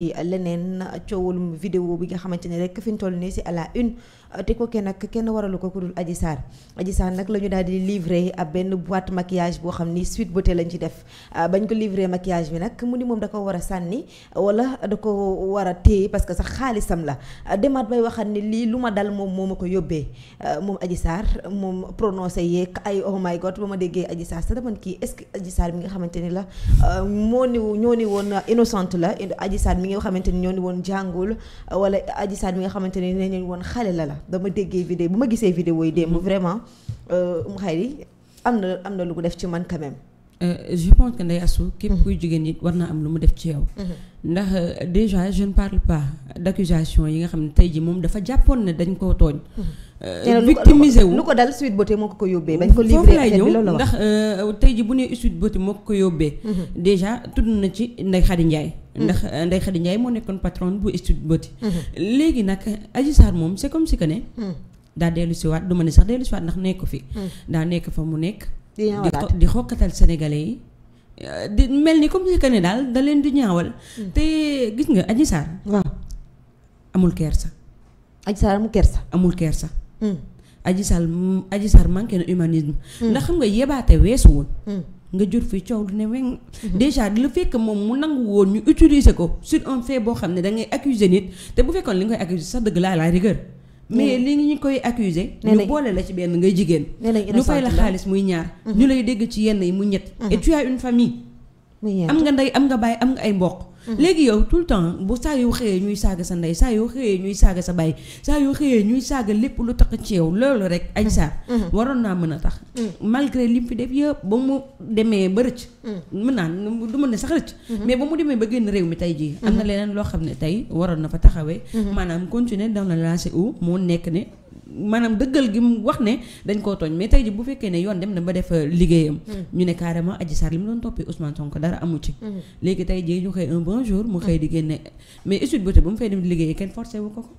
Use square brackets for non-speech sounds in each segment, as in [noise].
leneen coowalum vidéo bi nga xamante ne rek fi ñu toll nii si à la une te ko kenn nag kenn waralu ko ku dul Adji Sarr nag la ñu daal di livré ab benn boîte maquillage boo xam ni suite beauté lañ ci def ah, bañ ko livré maquillage bi nag mu ni moom da ko war a sànni wala da ko war a téye parce que sax xaalisam la ah, demaat bay waxaat ni lii lu ma dal moom moo ma ko yóbbee ah, moom Adji Sarr moom prononcé yeeg ay oh my god ba ma déggee Adji sa daman kii est ce bi nga xamante ni la moo ni ñoo ni woon la Adji Sarr mi nga xamante ni ñoo ni woon jàngul wala Adji Sarr mi nga xamante ni nee nañu woon xale la la dama déggee vidéo bu ma gisee vidéo yi démb mm-hmm. vraiment euh, mu xayri am na am na lu mu def ci man quand même. Euh, je pense que Ndeye Assou képp mm-hmm. kuy jigéen nit war naa am lu mu def ci yow. Mm-hmm. ndax euh, déjà jeune ne parle pas d' yi nga xam ne tey jii moom dafa jàppoon ne dañ ko tooñ. Euh, victimisé wu lu ko dal Sweet Beauté moo ko ko yóbbee. ko livré foofu euh, tey ji bu nee Sweet Beauté moo ko ko yóbbee. Mhm. déjà tudd na ci Ndeye Khady Ndiaye. Mhm. ndax euh, Ndeye Khady Ndiaye moo nekkoon patron bu Sweet Beauté. Mhm. léegi nag Adji Sarr moom c'est comme si que ne. daa dellu si waat du ma ne sax dellu si waat ndax nekk ko fi. daa nekk fa mu nekk. di di xokkatal sénégalais yi. di mel ni comme si ne daal da leen di ñaawal. te gis nga Adji Sarr. waaw amul kersa. Adji Sarr amul kersa. amul kersa. Hmm. Adji Sarr Adji Sarr manqué na humanisme. Hmm. ndax xam nga yebaate weesuwul. Hmm. nga jur fi coow du ne weng déjà lu fekk moom mu nangu woon ñu utiliser ko sur un fait boo xam ne da ngay accuser nit te bu fekkoon li nga koy accuser sax dëgg laa la rigueur. mais li ñu koy accuser ñu boole la ci benn ngay jigéen. ñu fay la xaalis muy ñaar. ñu lay dégg ci yenn yi mu ñett. et une famille. am nga ndey am nga baay am nga ay mboq Mhm. léegi yow tout le temps bu saa yoo xëyee ñuy saaga sa ndey saa yoo xëyee ñuy saaga sa baay saa yoo xëyee ñuy saaga lépp lu tax ci yow loolu rek añ saar mhm. mhm. waroon naa mën a tax malgré li mu fi def yëpp ba mu demee ba rëcc mën naan du mën ne sax rëcc mais ba mu demee ba génn réew mi tey jii am na leneen loo xam ne tey waroon na fa taxawee maanaam continuer dans le lancé où moo nekk ne maanaam dëggal gi mu wax ne dañ koo tooñ mais tey ji bu fekkee ne yoon dem na ba def euh, liggéeyam hmm. ñu ne carrément Adji Sarr li mu doon toppee Ousmane Sonko dara amu ci hmm. léegi tey ji ñu xëy un bon mu hmm. xëy di génne mais étude beauté ba mu fay dem liggéeyee kenn forcé wu ko ko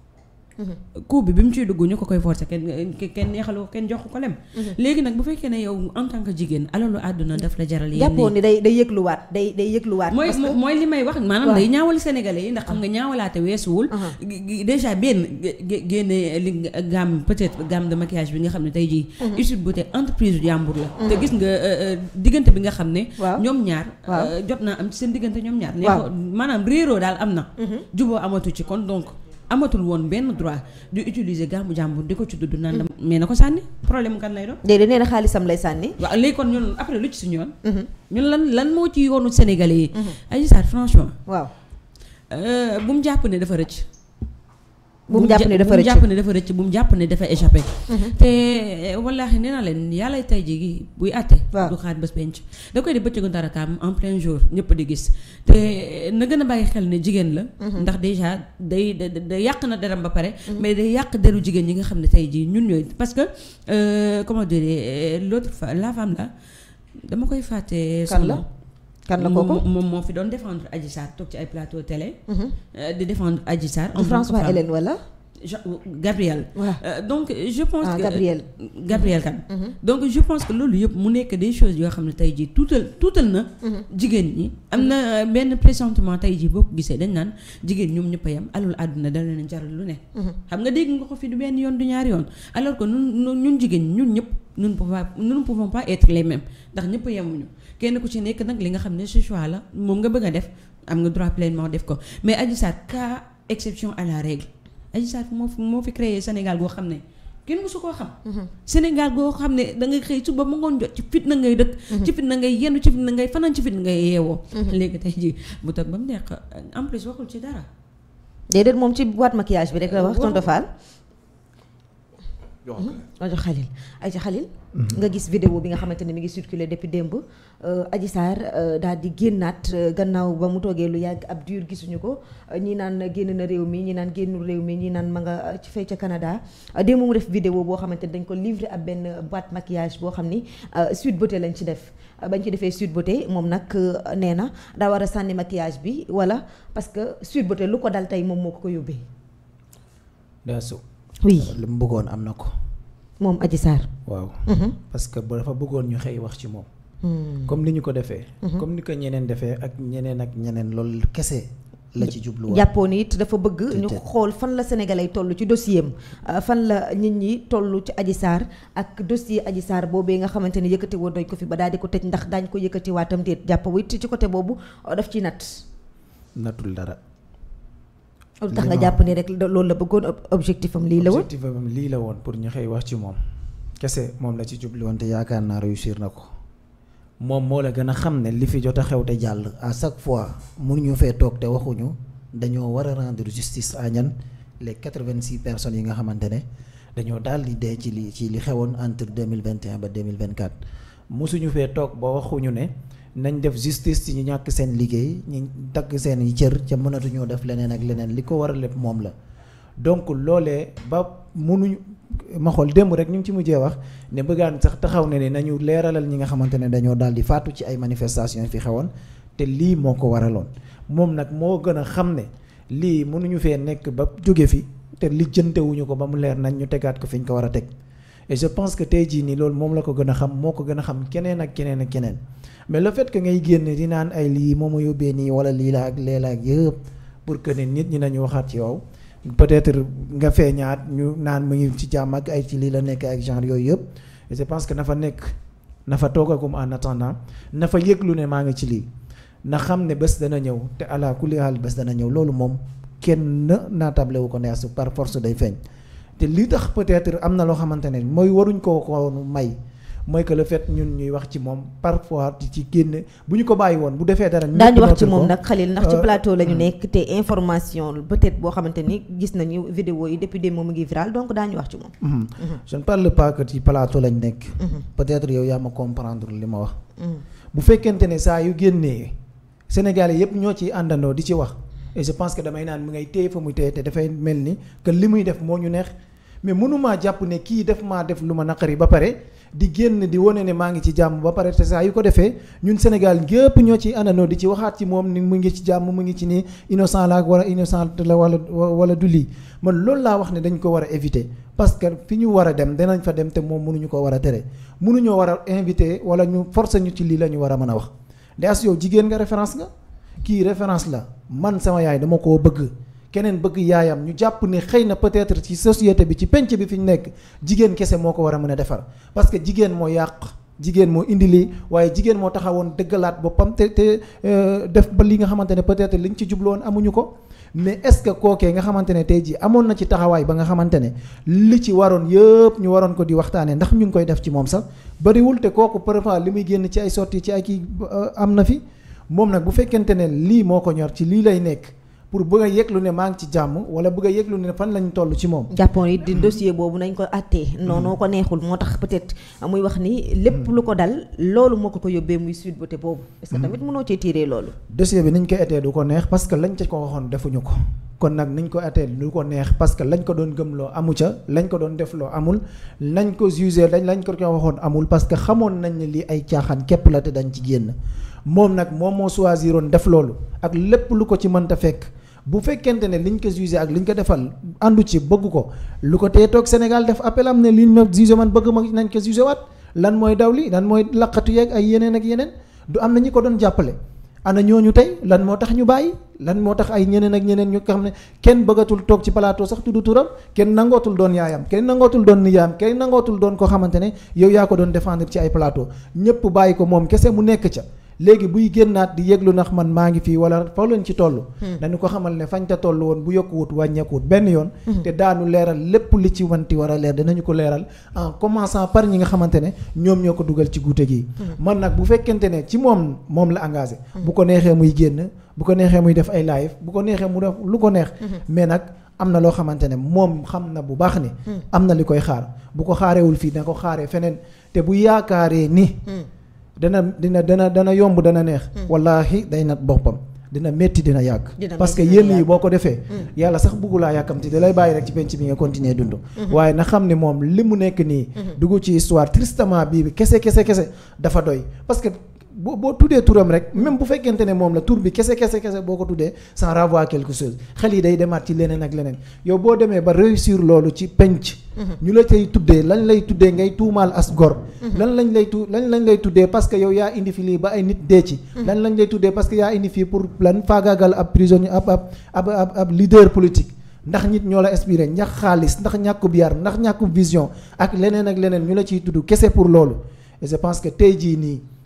coup bi bi mu ciy dugg ñu ko koy forcer kenn kenn neexalu kenn jox ko lem. Mhm. léegi nag bu fekkee ne yow en tant que jigéen alalu àdduna daf la jaral yéen day day yëgluwaat day day yëgluwaat. mooy mooy li may wax maanaam day ñaawal sénégalais yi ndax xam nga ah. ñaawalaate weesuwul. Uh-huh. déjà benn génne li gamme peut-être gamme de maquillage bi nga xam ne tey jii. étude uh-huh. beauté entreprise jàmbur la. Uh-huh. gis nga euh, euh, diggante bi nga xam ne. ñoom ñaar. Euh, jot naa am seen diggante ñoom ñaar. waaw maanaam réeroo daal am na. juboo amatu ci kon donc. amatul woon benn droit di utiliser gàmmu jàmbur di ko ci dudd naan mm-hmm. mais na ko sànni problème kan lay doon déedéet nee na xaalisam lay sànni waaw léegi kon ñun après lu ci suñu yoon mm-hmm. ñun lan lan moo ci yoonu sénégalais yi mm-hmm. Adji Sarr franchement waaw euh, bu mu jàpp ne dafa rëcc bu mu jàpp ne dafa rëcc bu mu jàpp ne dafa rëcc bu mu jàpp ne dafa te eh, wallaahi nee leen yàlla tey jii buy àtte. du xaar bés penc da koy di bëccëgu dara kaam en plein jour ñëpp di gis te eh, na gën a bàyyi xel ne jigéen la. Mm-hmm. ndax déjà day day yàq na deram ba pare. Mm-hmm. mais day yàq deru jigéen ñi nga xam ne tey jii ñun ñooy parce que euh, comment dire eh, l'autre la femme là dama koy fàtte. kan kan la kooku moom moo fi doon défendre Adji Sarr toog ci ay plateau télé. Mhm. Euh, di défendre Adji Sarr. en François Hélène wala. Euh, Gabriel. waaw euh, donc je pense ah, que Gabriel. Gabriel kan. Mhm. donc je pense que loolu yëpp mu nekk des choses yoo xam ne tey jii tuutal tuutal na. Mhm. jigéen ñi am na benn pressentiment tey jii boo ko gisee dañ naan jigéen ñoom ñëpp a yem alal àdduna dana leen jaral lu ne. xam nga dégg nga ko fi du benn yoon du ñaari yoon alors que ñun ñun jigéen ñun ñëpp. nun ne pouvons pas nous ne pouvons pas être ndax ñëpp yemuñu kenn ku ci nekk nag li nga xam ne ce choix la moom nga bëgg a def am nga droit pleinement def ko mais Adji Sarr cas exception à la règle Adji Sarr moo moo fi créé Sénégal goo xam ne kenn su koo xam. Mhm. Sénégal goo xam ne da ngay xëy suba mu ngoon jot ci na ngay dëkk. Mhm. ci fitna ngay yendu ci na ngay fanaan ci fitna ngay yeewoo. Mhm. léegi tey jii mu toog ba mu neex en plus waxul ci dara. déedéet moom ci boîte maquillage bi rek la wax tonton ma jox hmm? xalil ay ci xalil hmm. nga gis vidéo bi nga xamante ne mi ngi circulé depuis démb euh, Adji Sarr euh, daal di génnaat euh, gannaaw ba mu toogee lu yàgg ab diir gisuñu ko ñi naan génn na réew mi ñi naan génnul réew mi ñi naan ma nga ci fay ca Canada démb mu def vidéo boo xamante ni dañ ko livré ab benn boîte maquillage boo xam ni Sweet Beauté lañ ci def bañ ci defee Sweet Beauté moom nag nee na daa war a sànni maquillage bi wala parce que Sweet Beauté lu ko dal tey moom moo ko ko yóbbee daa bëggoon am na ko moom Adji Sarr. waaw. Mhm. parce que ba dafa bëggoon ñu xëy wax ci moom. Hmm. comme ni ñu ko defee. Mhm. comme ni ko ñeneen defee ak ñeneen ak ñeneen loolu kese. la ci jublu jubluwaat jàppoon it dafa bëgg ñu xool fan la sénégalais yi toll ci dossier am euh, fan la nit ñi toll ci Adji Sarr ak dossier Adji Sarr boobee nga xamante ni yëkkati woon nañ ko fi ba daal di ko tëj ndax daañ ko yëkkati waatam déet jàppawu it ci côté boobu euh, def ci natt. nattul dara. lu tax nga jàpp nii rek loolu la bëggoon objectif am lii la woon objectif am lii la woon pour ñu xëy wax ci moom kese moom la ci jublu woon te yaakaar naa réussir na ko moom moo la gën a xam ne li fi jot a xew te jàll à chaque fois mu ñu fee toog te waxuñu dañoo war a rendre justice à ñan les quatre-vingt-six personnes yi nga xamante ne dañoo daal di dee ci li ci li xewoon entre deux mille vingt et un ba deux mille vingt-quatre mosuñu fee toog ba waxuñu ne nañ def justice ci ñu ñàkk seen liggéey ñi takk seen i cër ca mënatuñoo def leneen ak leneen li ko war a lépp moom la donc loole ba mënuñu ma xool démb rek ñu ngi ci mujjee wax ne bëggaan sax taxaw ne ne nañu leeralal ñi nga xamante ne dañoo daal di faatu ci ay manifestations fi xewoon te lii moo ko waraloon moom nag moo gën a xam ne lii mënuñu fee nekk ba jóge fi te lijjantewuñu ko ba mu leer nañ ñu tegaat ko fi ñu ko war a teg et je pense que tey jii nii loolu moom la ko gën a xam moo ko gën a xam keneen ak keneen ak keneen mais le fait que ngay génne di naan ay lii moom ma yóbbee nii wala lii la ak lee la ak yëpp pour que ne nit ñi nañu waxaat ci yow peut-être nga feeñaat ñu naan mu ngi ci jàmm ak ay ci lii la nekk ak genre yooyu yëpp et je pense que na fa nekk na fa toogagum en attendant na fa yëglu ne maa ngi ci lii na xam ne bés dana ñëw te ala kulli haal bés dana ñëw loolu moom kenn naatable wu ko ne par force day feeñ. te li tax peut-être am na loo xamante ne mooy waruñ koo ko may mooy que le fait ñun ñuy wax ci moom parfois di ci génn bu ñu ko bàyyi woon bu defee dara. daañu wax ci moom nag Khalil ndax ci euh, plateau la ñu hmm. nekk te information peut boo xamante ni gis nañu vidéo yi depuis des moom mu ngi viral donc daañu wax ci moom. Hmm. Hmm. je ne parle pas ci plateau lañ nekk. peut-être yow yaa ma comprendre li ma wax. bu fekkente ne saa yu génnee Sénégalais yépp ñoo ciy àndandoo di ci wax. et je pense que damay naan mu ngay téye fa muy téye te dafay mel ni que li muy def moo ñu neex mais mënumaa jàpp ne kii def maa def lu ma naqari ba pare di génn di wone ne maa ngi ci jàmm ba pare te saa yu ko defee ñun Sénégal gépp ñoo ci anano di ci waxaat ci moom ni mu ngi ci jàmm mu ngi ci ni innocent la wala innocent la wala wala du lii man loolu laa wax ne dañ ko war a éviter parce que fi ñu war dem danañ fa dem te moom mënuñu ko war a tere mënuñoo war invité wala ñu forcer ñu ci lii la ñu war a mën a wax yow jigéen nga référence nga kii référence la man sama yaay dama ko bëgg keneen bëgg yaayam ñu jàpp ne xëy na peut-être ci société bi ci penc bi fi ñu nekk jigéen kese moo ko war a mën a defar parce que jigéen moo yàq jigéen moo indi lii waaye jigéen moo taxawoon dëggalaat boppam te te euh, def ba li nga xamante ne peut-être liñ ci jubloon amuñu ko mais est-ce que kookee nga xamante ne tey jii amoon na ci taxawaay ba nga xamante ne li ci waroon yëpp ñu waroon ko di waxtaanee ndax ñu ngi koy def ci moom sax bariwul te kooku parfois li muy génn ci ay sorties ci ay kii euh, am na fi. moom nag bu fekkente ne lii moo ko ñor ci lii lay nekk pour bëgg a yëglu ne maa ngi ci jàmm wala bëgg a yëglu ne fan lañu toll ci moom. jàppoon yi di dossier boobu nañ ko àttee. non ko neexul moo tax peut-être muy wax ni. lépp lu ko dal loolu moo ko ko yóbbee muy suite ba te boobu. parce que hmm. mënoo cee tiiree loolu. dossier bi ko àttee du ko neex parce que lañ ca ko waxoon defuñu ko. kon nag nañ ko atteel lu ko neex parce que lañ ko doon gëmloo amu ca lañ ko doon defloo amul nañ ko jugé dañ lañ ko ko waxoon amul parce que xamoon nañ ne lii ay caaxaan képp la te dañ ci génn moom nag moom moo choisiroon def loolu ak lépp lu ko ci mënta fekk bu fekkente ne liñ ko jugé ak liñ ko defal àndu ci bëgg ko lu ko tee toog Sénégal def appel am ne liñ ma jugé man bëgg ma nañ ko jugé waat lan mooy daw li lan mooy laqatu yeeg ay yeneen ak yeneen du am na ñi ko doon jàppale ana ñooñu tey lan moo tax ñu bàyyi lan moo tax ay ñeneen ak ñeneen ñu xam ne kenn bëggatul toog ci plateau sax tuddu turam kenn nangootul doon yaayam kenn nangootul doon nijaayam kenn nangootul doon ko xamante ne yow yaa ko doon défendre ci ay plateau ñëpp bàyyi ko moom kese mu nekk ca léegi buy génnaat di yëglu ndax man maa ngi fii wala fa leen ci toll hmm. dañu ko xamal ne fañ te toll woon bu yokkuwut wàññeekuwut benn yoon hmm. te daanu leeral lépp li ci wanti war a leer dinañu ko leeral en commençant par ñi nga xamante ne ñoom ñoo ko dugal ci guute gi hmm. man nag bu fekkente ne ci moom moom la engagé bu ko neexee muy génn bu ko neexee muy def ay live bu ko neexee mu def lu ko neex mais nag am na loo xamante ne moom xam na bu baax ni am na li koy xaar bu ko xaarewul fii na ko xaaree feneen te bu yaakaaree ni dana dina dana dana yomb dana neex. Hmm. wallaahi day nat boppam. dina métti dina yàgg. parce que yéen yi boo ko defee. Hmm. yàlla sax bëggu laa yàkkamti da lay bàyyi rek ci penc bi nga continuer dundu hmm. waaye na xam ne moom li mu nekk nii. dugg ci histoire tristement bii bi kese kese kese dafa doy parce boo boo tuddee turam rek même bu fekkente ne moom la tur bi kese kese kese boo ko tuddee sans renvoie quelque chose xel yi day demaat ci leneen ak leneen yow boo demee ba réussir loolu ci penc. Mhm. ñu la cay tuddee lañ lay tuddee ngay tuumaal as gor. Mhm. lan lañ lay tu lan lañ lay tuddee parce que yow yaa indi fi lii ba ay nit dee ci. Mhm. lan lañ lay tuddee parce que yaa indi fii pour lan faagaagal ab prisonnier ab ab ab ab leader politique. ndax nit ñoo la inspiré ndax xaalis ndax ñàkkub yar ndax ñàkkub vision ak leneen ak leneen ñu la ciy tudd kese pour loolu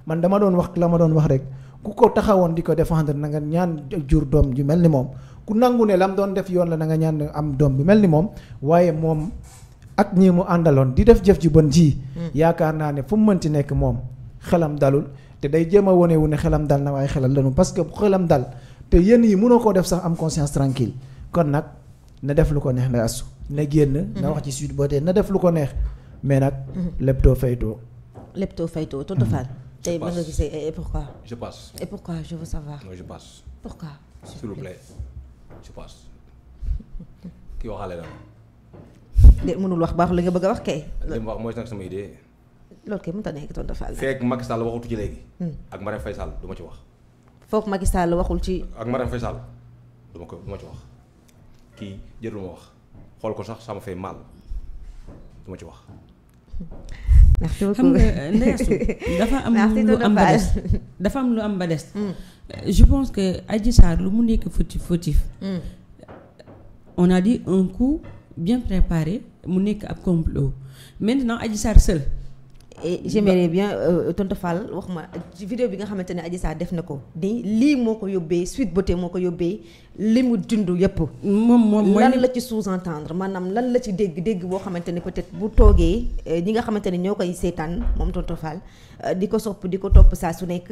man dama doon wax la ma doon wax rek ku ko taxawoon di ko défendre na nga ñaan jur doom ju mel ni moom ku nangu ne lam doon def yoon la na nga ñaan am doom bi mel ni moom waaye moom ak ñi mu àndaloon di def jëf ji bon ji. Hmm. yaakaar naa ne fu mu mën ci nekk moom xelam dalul te day jéem a wane wu ne xelam dal na waaye xelal lanu parce que bu xelam dal te yenn yi mënoo koo def sax am conscience tranquille kon nag na def lu ko neex na asu ne génn. na hmm. wax ci suite boo tee na def lu ko neex mais nag. Hmm. leptoo faytoo. leptoo faytoo tontu tey ba nga gisee et pourquoi. je passe et pourquoi je veux savoir. non je passe. pourquoi. s'il vous plaît je passe. [laughs] mënul wax baax li nga bëgg a wax kay. mooy nag sama idée. loolu kay mënut a nekk tontu Fall. feeg Macky Sall waxatu ci léegi. Hmm. ak Marème Faye ma ci wax. foog Macky Sall waxul ci. ak Marème ma ko du ci wax kii jërul ma wax xool ko sax sama fay mal du ci wax. [laughs] merci beaucoup xam nga ndeyasu [laughs] dafa am lu am ba des dafa am lu am ba des. Mm. je pense que Adji Sarr lu mu nekk fautif fautif. Mm. on a dit un coup bien préparé mu nekk ab complot maintenant Adji Sarr seul. et j'aimerais bien euh, tontu Fall wax ma ci vidéo bi nga xamante ne Adji Sarr def na ko di lii moo ko yóbbee suite beauté moo ko yóbbee li mu dund yëpp. moom moom lan la ci sous-entendre maanaam lan la ci dégg dégg boo xamante ne peut-être bu toogee euh, ñi nga xamante ne ñoo koy seetaan moom tontu Fall euh, di ko sopp di ko topp saa su nekk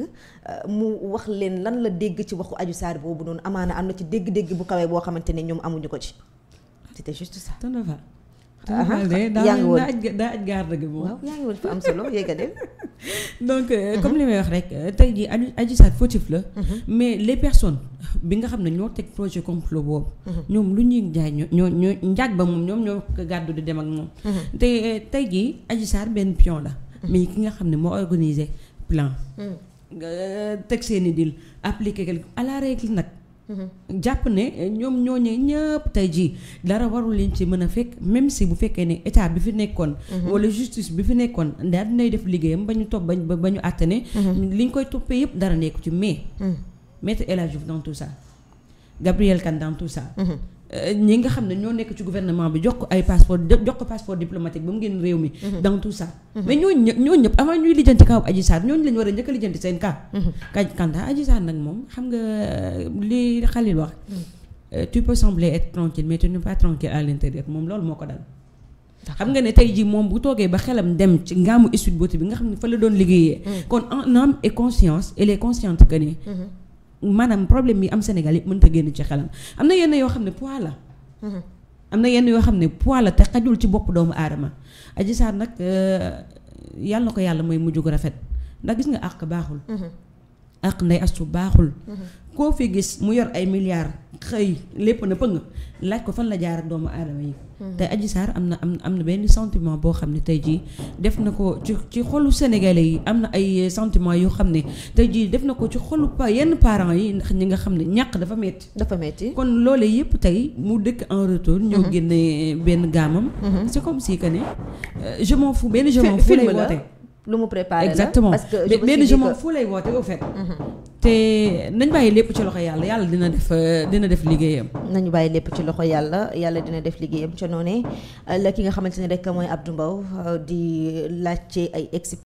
mu wax leen lan la dégg ci waxu aju saar boobu noonu amaana am na ci dégg-dégg bu kawee boo xamante ne ñoom amuñu ko ci c'était juste ça. yaa ngi woon daa aj garde gi moom. waaw yaa ngi woon fa am solo yéeg a dem. [laughs] donc euh, mhm. comme li may wax rek euh, tey jii Adji Sarr fautif la. Mhm. mais les personnes bi nga xam ne ñoo teg projet complot boobu. Mhm. ñoom lu ñuy jaay ñoo ñoo njaag ba moom ñoom ñoo gàddu di dem ak moom. te euh, tey jii Adji Sarr benn pion la. mais ki nga xam ne moo organisé plan. teg seen i deal appliqué à la règle nag. jàpp ne ñoom ñooñu ñëpp tey jii dara warul leen ci mën a fekk même si bu fekkee ne état bi fi nekkoon. Mhm. wala justice bi fi nekkoon daal dinay def liggéeyam ba ñu topp ba ñu àtte ne. Mhm. li ñu koy toppee yëpp dara nekku ci mais. Mhm. maître El Hadji Diouf dans tout Gabriel Kane dans Euh, ñi nga xam ne ñoo nekk ci gouvernement bi jox ko ay passeport jox ko passeport diplomatique ba mu génn réew mi. Mhm. dans tout ça. Mhm. mais ñooñu ñëpp ñooñu ñëpp avant ñuy lijjanti kaw Adji Sarr ñooñu lañ a njëkk a lijjanti seen cas. Mhm. kanta Adji nag moom xam nga euh, li Khalil wax. Euh, tu peux sembler être tranquille mais tu n'es pas tranquille à l'intérieur moom loolu moo ko dal. xam nga ne tey jii moom bu toogee ba xelam dem ci ngaamu étude boote bi nga xam ni fa la doon liggéeyee. kon en âme et conscience elle maanaam problème bi am Sénégal yëpp mënta génn ci xelam am na yenn yoo xam ne poids la. Mhm. am na yenn yoo xam ne poids la te xajul ci bopp doomu aadama. Adji Sarr nag euh, yàlla na ko yàlla mooy mujj gu rafet ndax gis nga àq baaxul. Mhm. àq ndey astu baaxul. Mhm. koo fi gis mu yor ay milliards xëy lépp na pëng laaj ko fan la jaar ak doomu aadama yi. Mhm. te Adji Sarr am na am am na benn sentiment boo xam ne tey jii def na ko ci ci xolu sénégalais yi am na ay sentiment yoo xam ne tay jii def na ko ci xolu yenn parent yi ndax ñi nga xam ne ñàkk dafa metti dafa metti kon loolee yëpp tey mu dëkk en retour. Mhm. ñoo génne benn gaamam. Mhm. c'est comme si que ne euh, je m'en benn je m'en lay woote lu mu préparé la exactement parce que je mais benn je lay woote au fait. Mhm. te nañ bàyyi lépp ci loxo yàlla yàlla dina def euh, dina def liggéeyam. nañu bàyyi lépp ci loxo yàlla yàlla dina def liggéeyam ca noonee la ki nga xamante ne rek mooy Abdou Mbow euh, di laaj ci ay